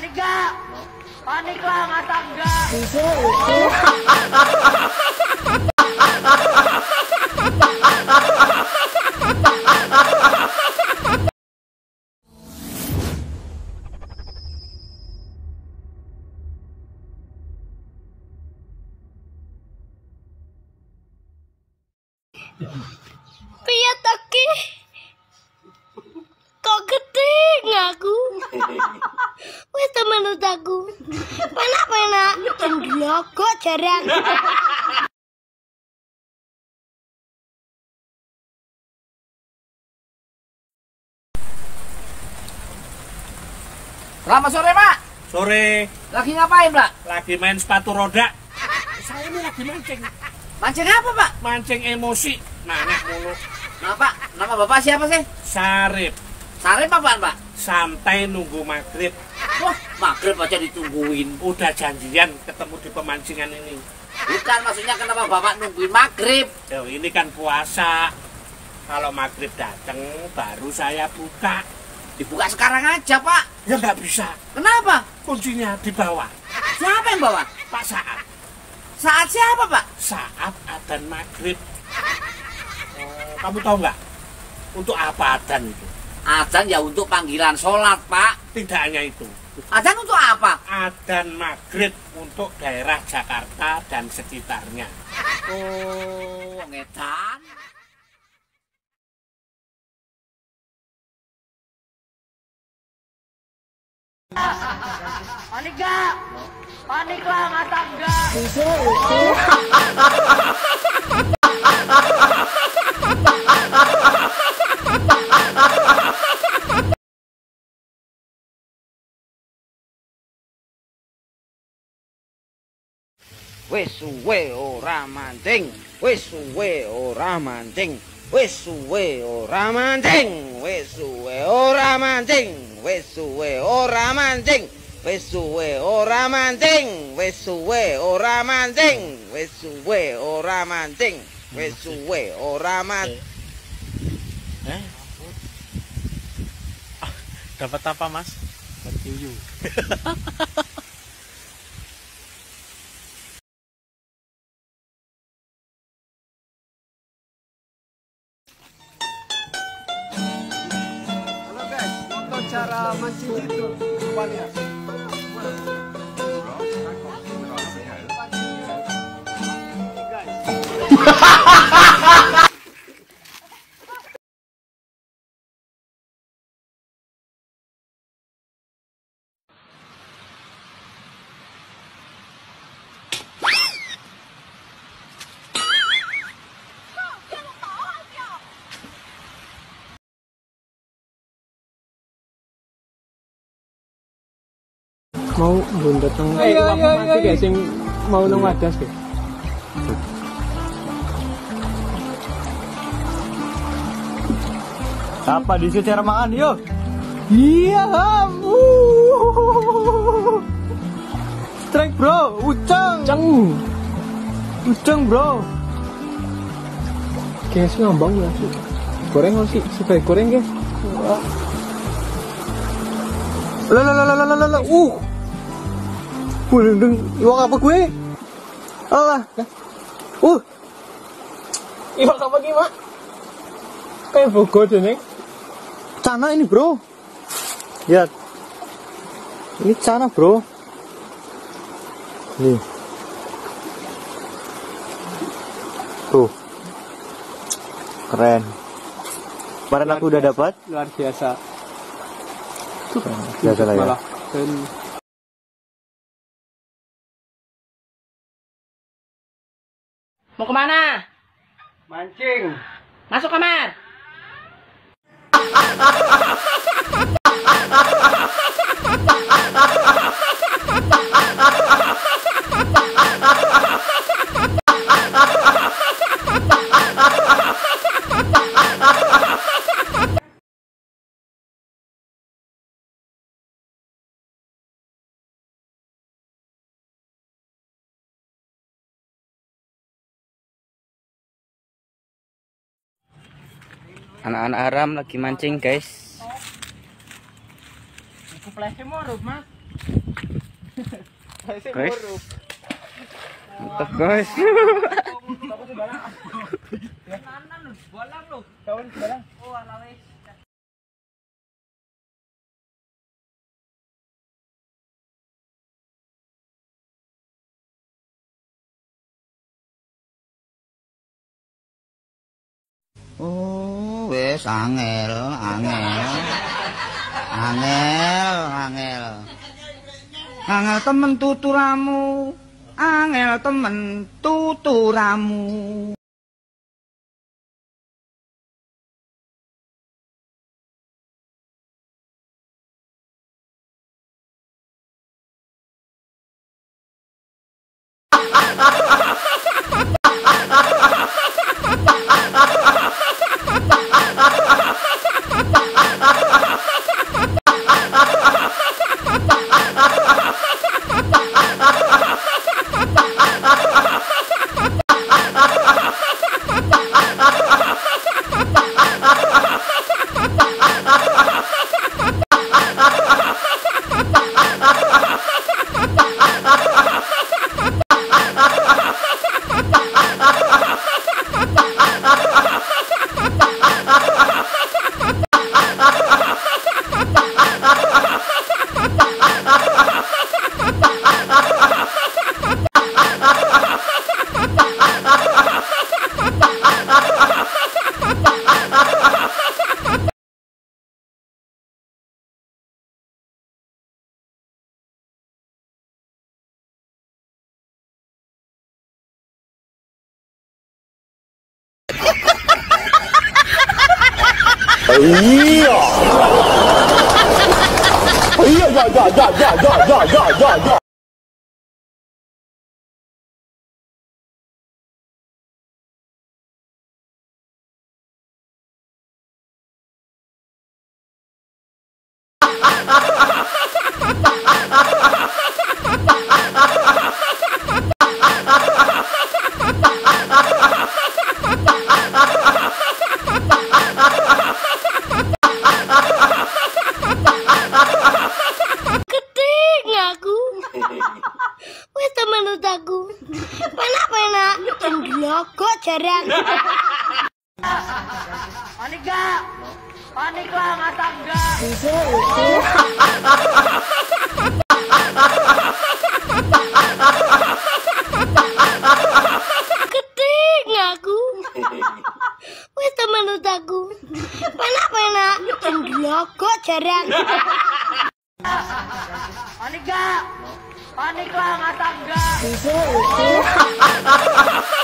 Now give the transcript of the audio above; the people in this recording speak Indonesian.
Panik gak? Panik lah, masa enggak? Itu, itu. Pia taki. Kok Wes to menurut aku. pena pena, dan jarang. Selamat sore, Pak. Sore. Lagi ngapain, Pak? Lagi main sepatu roda. Saya ini lagi mancing. Mancing apa, Pak? Mancing emosi. Mana mulu. Nah, Pak, nama Bapak siapa sih? Sarip. Sarip apaan, Pak? Santai nunggu maghrib. Wah, maghrib aja ditungguin. Udah janjian ketemu di pemancingan ini. Bukan, maksudnya kenapa Bapak nungguin maghrib? Yo, ini kan puasa. Kalau maghrib datang, baru saya buka. Dibuka sekarang aja, Pak. Ya nggak bisa. Kenapa? Kuncinya di bawah. Siapa yang bawa? Pak Saat. Saat siapa, Pak? Saat adan maghrib. Oh, kamu tahu nggak? Untuk apa adan itu? Adan ya untuk panggilan sholat, Pak. Tidak hanya itu. Adan untuk apa? Adan maghrib untuk daerah Jakarta dan sekitarnya. Oh, ngedan. Panik gak? Panik lah, masa enggak? wis suwe ora manting wis suwe ora manting wis suwe ora manting wis suwe ora manting wis suwe ora manting wis suwe ora manting wis suwe ora manting wis suwe ora manting wis suwe ora manting eh? eh? ah, dapat apa mas? Dapat Masjid itu. Rupanya. mau bundet nang oh, iya, eh, iya, mati gak iya, ya, sing mau nang wadas ge. Apa di cara makan yuk? Iya, kamu. Strike bro, ucang. Ucang. Ucang bro. Kayak sih ngambang ya sih. Goreng nggak sih? Supaya goreng ya? Lah Uh. Gulung, iwak apa gue? Allah. Uh. Iwak apa ki, Mak? Kayak bogo nih, Cana ini, Bro. ya, Ini cana, Bro. Nih. Tuh. Keren. Kemarin aku udah dapat luar biasa. Luar biasa lah ya. Malah, dan Mau kemana? Mancing. Masuk kamar. anak-anak haram lagi mancing guys guys mantap guys Oh, wis angel, angel. Angel, angel. Angel temen tuturamu. Angel temen tuturamu. 哎呀！哎呀呀呀呀呀呀呀呀呀！Paniklah masa enggak. Keting aku. Wes teman aku. Panak panak. Tenggelam kok jarang. Panik enggak. Paniklah masa enggak.